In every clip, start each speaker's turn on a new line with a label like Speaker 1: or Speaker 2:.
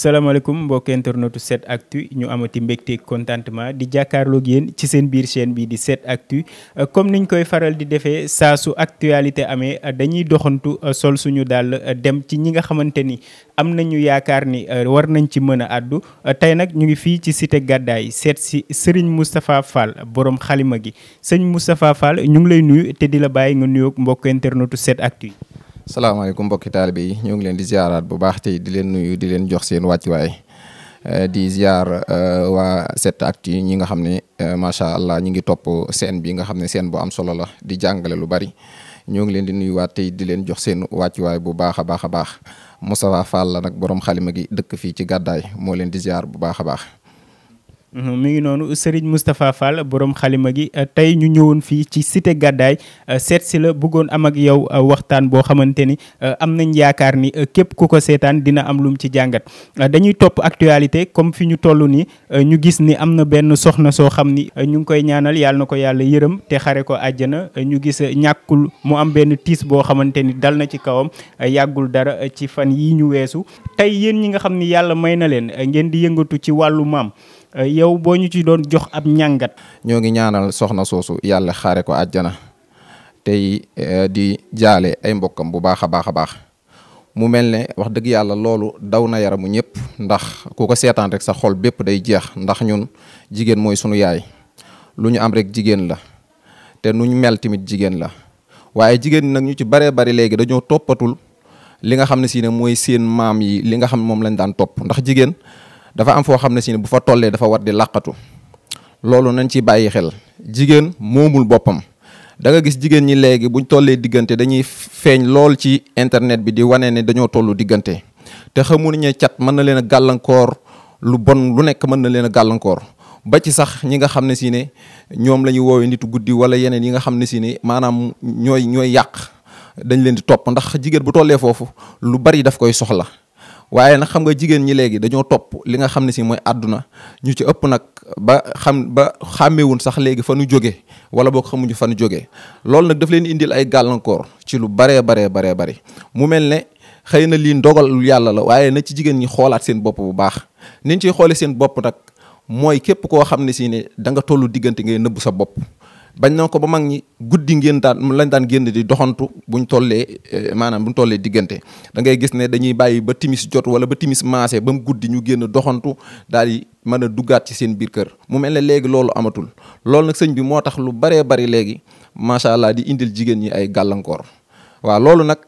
Speaker 1: salaamaaleykum mbokk internetu 7 actu ñu amati mbégte contentement di jàkkaarloog yéen ci seen biir chaîne bii di 7 actu comme niñ koy faral di defee saa su actualité amee dañuy doxantu sol suñu daal dem ci ñi nga xamante ni am nañu yaakaar ni war nañ ci mën a àddu tey nag ñu ngi fii ci site gàddaay seet si Serigne Moustapha Fall borom xalima gi sëñ Moustapha Fall ñu ngi lay nuyu te di la bàyyi nga nuyook mbokk internetu 7 actu
Speaker 2: salaamaaleykum mbokki taalibe yi ñoo ngi leen di ziaraat bu baax tey di leen nuyu di leen jox seen waay eh, di ziar eh, waa 7actu ñi nga xam ne eh, macha allah ñi ngi topp seen bi nga xam ne seen bu am solo la di jàngale lu bari ñoo ngi leen di nuyuwaat tey di leen jox seen wàccuwaay bu baax a baax a baax Moustapha Fall la nag borom xalima gi dëkk fii ci gàddaay moo leen di ziar bu baax a baax.
Speaker 1: Mhm, mi ngi noonu Serigne Moustapha Fall borom xalima gi euh, tey ñu ñëwoon fii ci site gàddaay euh, seet si la bëggoon am ak yow euh, waxtaan boo xamante ni am nañ yaakaar ni képp ku ko seetaan dina am lum ci jàngat dañuy topp actualité comme fi ñu toll ni ñu gis ni am na benn soxna soo xam ni ñu ngi koy ñaanal yàlla na ko yàlla yërëm te xare ko àjjana ñu gis ñàkkul mu am benn tiis boo xamante ni dal na ci kawam yàggul dara ci fan yi ñu weesu tey yéen ñi nga xam ni yàlla may na leen ngeen di yëngatu ci wàllu maam Euh, yow boo ñu ci doon jox am ñàngat. ñoo ngi ñaanal soxna soosu yàlla xaare ko àjjana tey euh, di jaale ay
Speaker 2: mbokkam bu baax a baax a baax mu mel ne wax dëgg yàlla loolu daw na yaramu ñëpp ndax ku ko seetaan rek sa xol bépp day jeex ndax ñun jigéen mooy sunu yaay lu ñu am rek jigéen la te nu ñu mel tamit jigéen la waaye jigéen nag ñu ci baree bari léegi dañoo toppatul li nga xam ne si ne mooy seen maam yi li nga xam moom lañ daan topp ndax jigéen. dafa am foo xam ne si ne bu fa tollee dafa war di làqatu loolu nañ ci bàyyi xel jigéen moomul boppam da nga gis jigéen ñi léegi buñ tollee diggante dañuy feeñ lool ci internet bi di wanee ne dañoo tollu diggante te xamuñu ne cat mën na leen a gàllankoor lu bon lu nekk mën na leen a gàllankoor ba ci sax ñi nga xam ne si ne ñoom la ñu woowee nitu guddi wala yeneen yi nga xam ne si ne maanaam ñooy ñooy yàq dañ leen di topp ndax jigéen bu tollee foofu lu bari daf koy soxla waaye nag xam nga jigéen ñi léegi dañoo topp li nga xam ne si mooy àdduna ñu ci ëpp nag ba xam ba xàmmewuñ sax léegi fa nu jóge wala boo ko xamuñu fa nu jóge loolu nag daf leen indil ay gàllankoor ci lu baree baree baree bari mu mel ne xëy na lii ndogalu yàlla la waaye nag ci jigéen ñi xoolaat seen bopp bu baax niñ ciy xoole seen bopp nag mooy képp koo xam ne si ne da nga tollu diggante ngay nëbb sa bopp bañ na ko ba mag ñi guddi ngeen daan lañ daan génn di doxantu buñ tollee eh, maanaam buñ tollee diggante dangay gis ne dañuy bàyyi ba timis jot wala ba timis maase ba mu guddi ñu génn doxantu daal di mën a duggaat ci seen biir kër mu mel ne léegi loolu amatul loolu nag sëñ bi moo tax lu baree bari léegi macha allah di indil jigéen ñi ay gàllankoor waaw loolu nag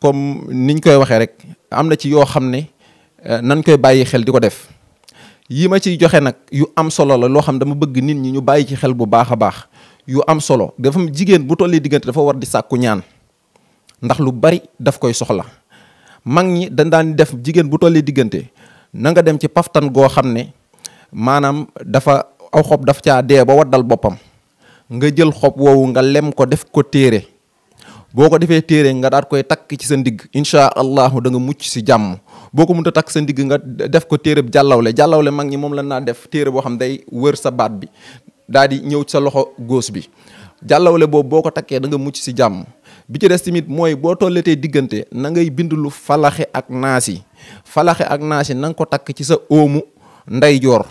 Speaker 2: comme niñ koy waxee rek am na ci yoo xam ne eh, nañ koy bàyyi xel di ko def yi ma ciy joxe nag yu am solo la loo xam dama bëgg nit ñi ñu bàyyi ci xel bu baax a baax yu am solo dafa jigéen bu tollee diggante dafa war di sàkku ñaan ndax lu bari daf koy soxla mag ñi dañ daan def jigéen bu tollee diggante na nga dem ci paftan goo xam ne maanaam dafa aw xob daf caa dee ba waddal boppam nga jël xob woowu nga lem ko def ko téere boo ko defee téere nga daat koy takk ci sa ndigg incha allahu danga nga mucc si jàmm boo ko mënta takk sa ndigg nga def ko téereb jàllawle jàllawle mag ñi moom la naa def téere boo xam day wër sa baat bi daal di ñëw sa loxo góos bi jàllawle boobu boo ko takkee da nga mucc si jàmm bi ci des tamit mooy boo tollatee diggante na ngay bind lu falaxe ak naas yi falaxe ak naas yi na nga ko takk ci sa oomu ndeyjoor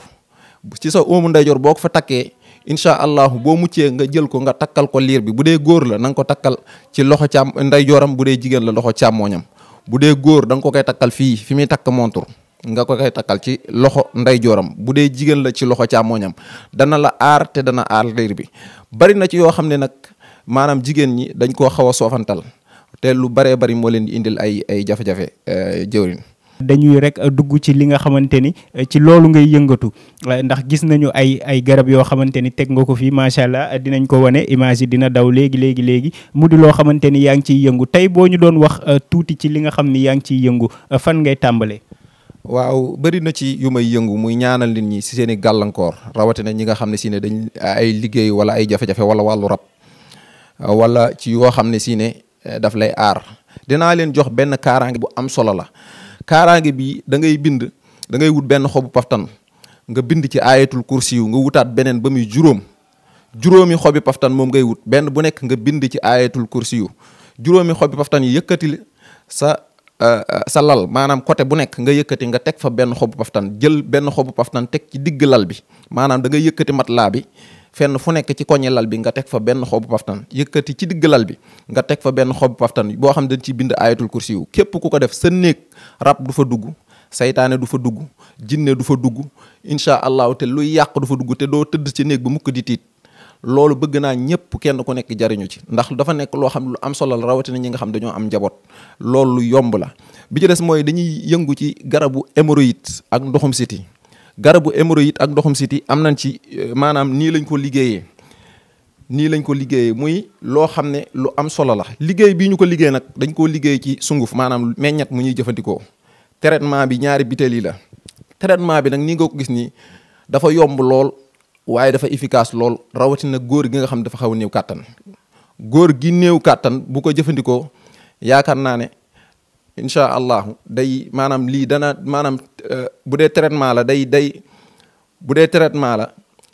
Speaker 2: ci sa oomu ndeyjoor boo ko fa takkee incha allahu boo muccee nga jël ko nga takkal ko liir bi bu dee góor la nanga ko takkal ci loxo càmm ndeyjooram bu dee jigéen la loxo càmmooñam bu dee góor da nga ko koy takkal fii fi muy takk montur nga ko koy takkal ci loxo ndeyjooram bu dee jigéen la ci loxo càmmooñam dana la aar te dana aar liir bi bari na ci yoo xam ne nag maanaam jigéen ñi dañ koo xaw a soofantal te lu baree bari moo leen indil ay ay jafe-jafe euh, jëwrin
Speaker 1: dañuy rek dugg ci li nga xamante ni euh, ci loolu ngay yëngatu euh, ndax gis nañu ay ay garab yoo xamante ni teg nga ko fii macha allah dinañ ko wane image dina daw léegi léegi léegi mu di loo xamante ni yaa ngi ciy yëngu tey boo ñu doon wax tuuti ci li nga xam ni yaa ngi ciy yëngu fan ngay tàmbalee. waaw bëri na
Speaker 2: ci yu may yëngu muy ñaanal nit ñi si seeni gàllankoor rawatina ñi nga xam ne si ne dañ ay liggéey wala ay jafe-jafe wala wàllu rab wala ci yoo xam ne si ne eh, daf lay aar dinaa leen jox benn kaaraange bu am solo la kaaraange bi da ngay bind dangay wut benn xobu paftan nga bind ci aayatul kursi yu nga wutaat beneen ba muy juróom juróomi xobi paftan moom ngay wut benn bu nekk nga bind ci aayatul kursi yu juróomi xobi paftan yi yëkkatil sa Euh, sa lal maanaam côté bu nekk nga yëkkati nga teg fa benn xobu paftan jël benn xobu paftan teg ci digg lal bi maanaam da nga yëkkati matelas bi fenn fu nekk ci koñe lal bi nga teg fa benn xobu paftan yëkkati ci digg lal bi nga teg fa benn xobu paftan boo xam dañ ciy bind ayatul kursi yu képp ku ko def sa néeg rab du fa dugg seytaane du fa dugg jinne du fa dugg incha allahu te luy yàq du fa dugg te doo tëdd ci néeg ba mukk di tiit loolu bëgg naa ñëpp kenn ku nekk jariñu ci ndax dafa nekk loo xam lu am solo rawatina ñi nga xam dañoo am njaboot loolu yomb la bi ci des mooy dañuy yëngu ci garabu hémorroïde ak ndoxum siti garabu hémorroïde ak ndoxum siti am nañ ci euh, maanaam nii lañ ko liggéeyee nii lañ ko liggéeyee muy loo xam ne lu am solo la liggéey bii ñu ko liggéey nag dañ koo liggéey ci sunguf maanaam meññat mu ñuy jëfandikoo traitement bi ñaari bitéel yi la traitement bi nag ni nga ko gis nii dafa yomb lool waaye dafa efficace lool rawatina góor gi nga xam dafa xaw néew kàttan góor gi néew kàttan bu ko jëfandikoo yaakaar naa ne incha allahu day maanaam lii dana maanaam euh, bu dee traitement la day day bu dee traitement la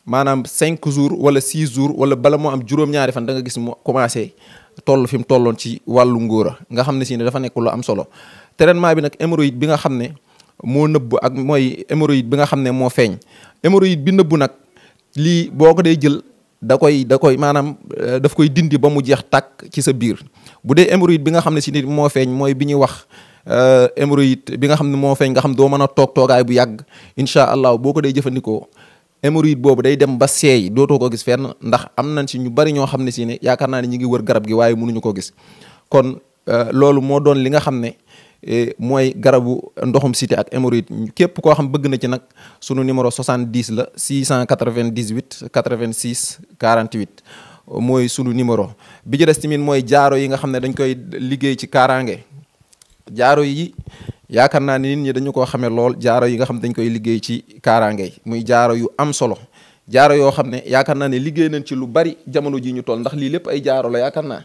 Speaker 2: maanaam cinq jours wala six jours wala bala moo am juróom-ñaari fan da nga gis mu commencé toll fi mu tolloon ci wàllu ngóora nga xam ne si ne dafa nekk lu am solo traitement bi nag hémorroïde bi nga xam ne moo nëbb ak mooy hémorroïde bi nga xam ne moo feeñ hémorroïde bi nëbb nag. lii boo ko dee jël da koy da koy maanaam euh, daf koy dindi ba mu jeex tàkk ci sa biir bu dee hémorroïde bi nga xam ne si nit moo feeñ mooy ñuy wax euh, hémorroïde bi nga xam ne moo feeñ nga xam doo mën a toog toogaay bu yàgg incha allah boo ko dee jëfandikoo hémorroïde boobu day dem ba seey dootoo ko gis fenn ndax am nañ si ñu bari ñoo xam ne si ne yaakaar naa ne ñu ngi wër garab gi waaye mënuñu ko gis kon euh, loolu moo doon li nga xam ne mooy garabu ndoxum cité ak hémorroïde képp koo xam bëgg na ci nag sunu numéro 70 la 698 86 48 mooy sunu numéro bi ci des tamit mooy jaaro yi nga xam ne dañ koy liggéey ci kaaraange jaaro yi yaakaar naa ni nit ñi dañu koo xamee lool jaaro yi nga xam dañ koy liggéey ci kaaraange muy jaaro yu am solo jaaro yoo xam ne yaakaar naa ne liggéey nañ ci lu bari jamono ji ñu toll ndax lii lépp ay jaaro la yaakaar naa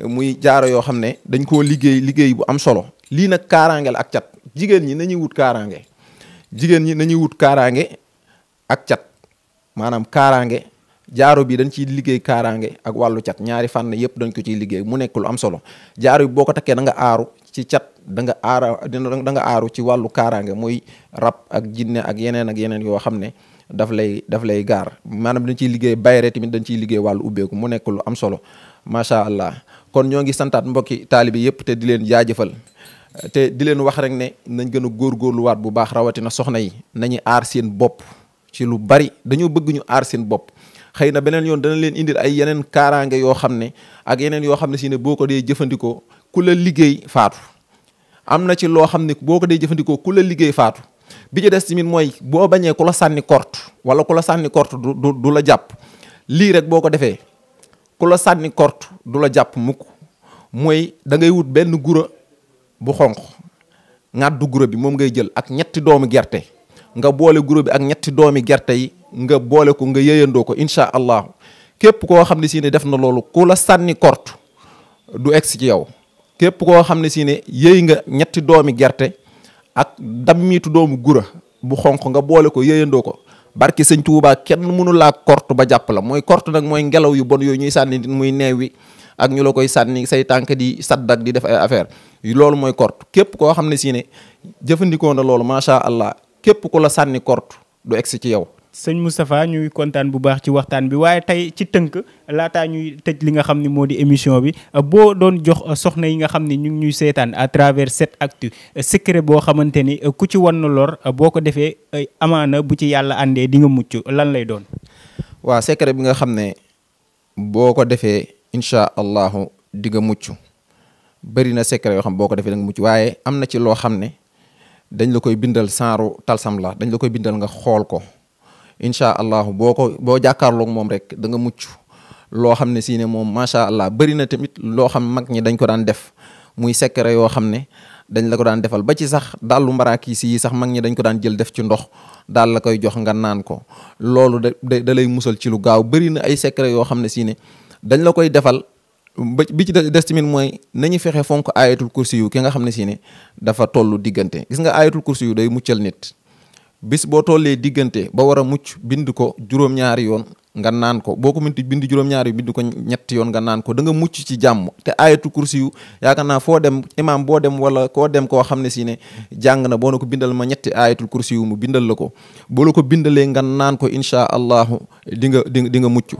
Speaker 2: muy jaaro yoo xam ne dañ koo liggéey liggéey bu am solo lii nag kaaraange la ak cat jigéen ñi nañuy wut kaaraange jigéen ñi nañuy wut kaaraange ak cat maanaam kaaraange jaaro bi dañ ciy liggéey kaaraange ak wàllu cat ñaari fànn yëpp dañ ko ciy liggéey mu nekk lu am solo jaaro bi boo ko takkee da nga aaru ci cat da nga aara da nga aaru ci wàllu kaaraange muy rab ak jinne ak yeneen ak yeneen yoo xam ne daf lay daf lay gaar maanaam dañ ciy liggéey bayre tamit dañ ciy liggéey wàllu ubbeeku mu nekk am solo macha allah kon ñoo ngi santaat mbokki taalibe yëpp te di leen jaajëfal te di leen wax rek ne nañ gën a góorluwaat bu baax rawatina soxna yi nañu aar seen bopp ci lu bari dañoo bëgg ñu aar seen bopp xëy na beneen yoon dana leen indil ay yeneen kaaraange yoo xam ne ak yeneen yoo xam ne si ne boo ko dee jëfandikoo ku la liggéey faatu am na ci loo xam ne boo ko dee jëfandikoo ku la liggéey faatu bi ci des tamit mooy boo bañee ku la sànni kort wala ku la sànni korte du du la jàpp lii rek boo ko defee ku la sànni korte du la jàpp mukk mooy da ngay wut benn gura bu xonq du gura bi moom ngay jël ak ñetti doomu gerte nga boole gura bi ak ñetti doomi gerte yi nga boole ko nga yëyandoo ko incha allahu képp koo xam ne si ne def na loolu ku la sànni korte du egsi ci yow képp koo xam ne si ne yëy nga ñetti doomi gerte ak dammiitu doomu gura bu xonq nga boole ko yëyandoo ko barke sëñ Tuubaa kenn mënu laa korte ba jàpp la mooy korte nag mooy ngelaw yu bon yooyu ñuy sànni muy neew wi ak ñu la koy sànni say tànk di saddak di def ay affaire loolu mooy korte képp koo xam ne si ne jëfandikoo na loolu macha allah képp ku la
Speaker 1: sànni korte
Speaker 2: du egsi ci yow
Speaker 1: sëñ Moustapha ñuy kontaan bu baax ci waxtaan bi waaye tey ci tënk laataa ñuy tëj li nga xam ni moo di émission bi boo doon jox soxna yi nga xam ni ñu ngi ñuy seetaan à travers cette actu secret boo xamante ni ku ci wan lor boo ko defee amaana bu ci yàlla àndee di nga mucc lan lay doon. waa secret bi nga xam ne boo ko defee incha allahu di mucc bëri na secret
Speaker 2: yoo xam boo ko defee da mucc waaye am na ci loo xam ne dañ la koy bindal saaru talsam la dañ la koy bindal nga xool ko. incha allah boo ko boo jàkkaarloog moom rek da nga mucc loo xam ne si ne moom macha allah bëri na tamit loo xam mag ñi dañ ko daan def muy secret yoo xam ne dañ la ko daan defal ba ci sax dàllu mbaraakiis yi sax mag ñi dañ ko daan jël def ci ndox daal la koy jox nga naan ko loolu da da lay musal ci lu gaaw bëri na ay secret yoo xam ne si ne dañ la koy defal ba bi ci des tamit mooy nañu fexe fonk aayatul kursi yu ki nga xam ne si ne dafa tollu diggante gis nga aayatul kursi yu day muccal nit bis boo tollee diggante ba war a mucc bind ko juróom-ñaari yoon nga naan ko boo ko mënti bind juróom-ñaari bind ko ñetti yoon nga naan ko danga mucc ci jàmm te aayatu kursi yu yaakaar naa foo dem imaam boo dem wala koo dem koo xam ne si ne jàng na boo na ko bindal ma ñetti aayatul kursi yu mu bindal la ko boo la ko bindalee nga naan ko inchaa allahu di nga di di nga mucc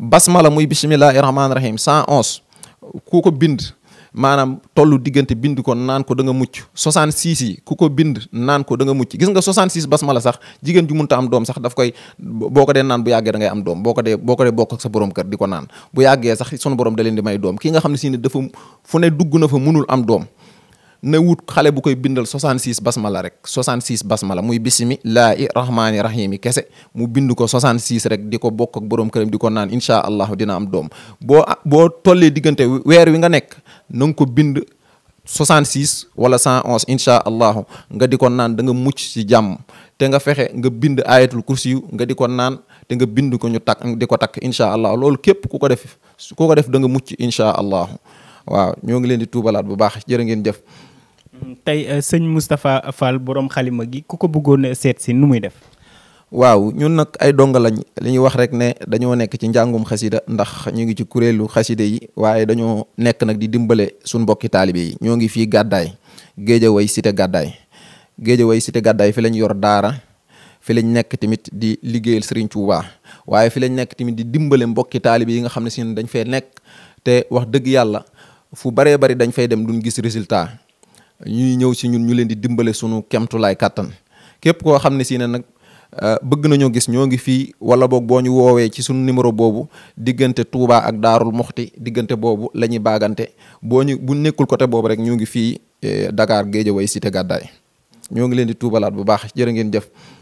Speaker 2: basmala muy bisimillahi rahmaani rahim 111 ku ko bind maanaam tollu diggante bind ko naan ko da nga mucc 66 yi ku ko bind naan ko da nga mucc gis nga 66 basmala sax jigéen ju munta am doom sax daf koy boo ko dee naan bu yàggee da ngay am doom boo ko dee boo ko bokk ak sa borom kër di ko naan bu yàggee sax sunu borom da leen di may doom ki nga xam ne si ne dafa fu ne dugg na fa munul am doom na wut xale bu koy bindal 66 basmala rek 66 basmala muy bisimi laahi rahmaani rahiimi kese mu bind ko 66 rek di ko bokk ak borom këram di ko naan incha allah dina am doom boo boo tollee diggante weer wi nga nekk na ko bind 66 wala 111 incha allah nga di ko naan da nga mucc ci jàmm te nga fexe nga bind ayatul kursi yu nga di ko naan te nga bind ko ñu takk di ko takk incha allah loolu képp ku ko def ku ko def da nga mucc incha allah waaw ñoo ngi leen di tuubalaat bu baax
Speaker 1: jërë ngeen jëf. tey euh, sëñ Moustapha Fall borom xalima gi ku ko bëggoon euh, seet si nu muy def. waaw ñun nag ay donga lañ li ñuy wax rek ne dañoo nekk ci njàngum
Speaker 2: xasida ndax ñu ngi ci kuréelu xasida yi waaye dañoo nekk nag di dimbale suñ mbokki taalibe yi ñoo ngi fii gàddaay géejaway cité gàddaay géejaway cité gàddaay fi lañ yor daara fi lañ nekk tamit di liggéeyal Serigne Touba waaye fi lañ nekk tamit di dimbale mbokki taalibe yi nga xam ne si dañ fee nekk te wax dëgg yàlla fu baree bari dañ fay dem duñ gis résultat ñuy ñëw si ñun ñu leen di dimbale sunu kemtulaay kàttan képp koo xam ne si ne nag euh, bëgg nañoo gis ñoo ngi fii wala boog boo ñu woowee ci sunu numéro boobu diggante tuubaa ak Daarul Moxti diggante boobu la ñuy baagante boo ñu bu nekkul côté boobu rek ñu ngi fii dakaar euh, Dakar Guédiawaye Cité Gàddaay ñoo ngi leen di tuubalaat bu baax jërë ngeen jëf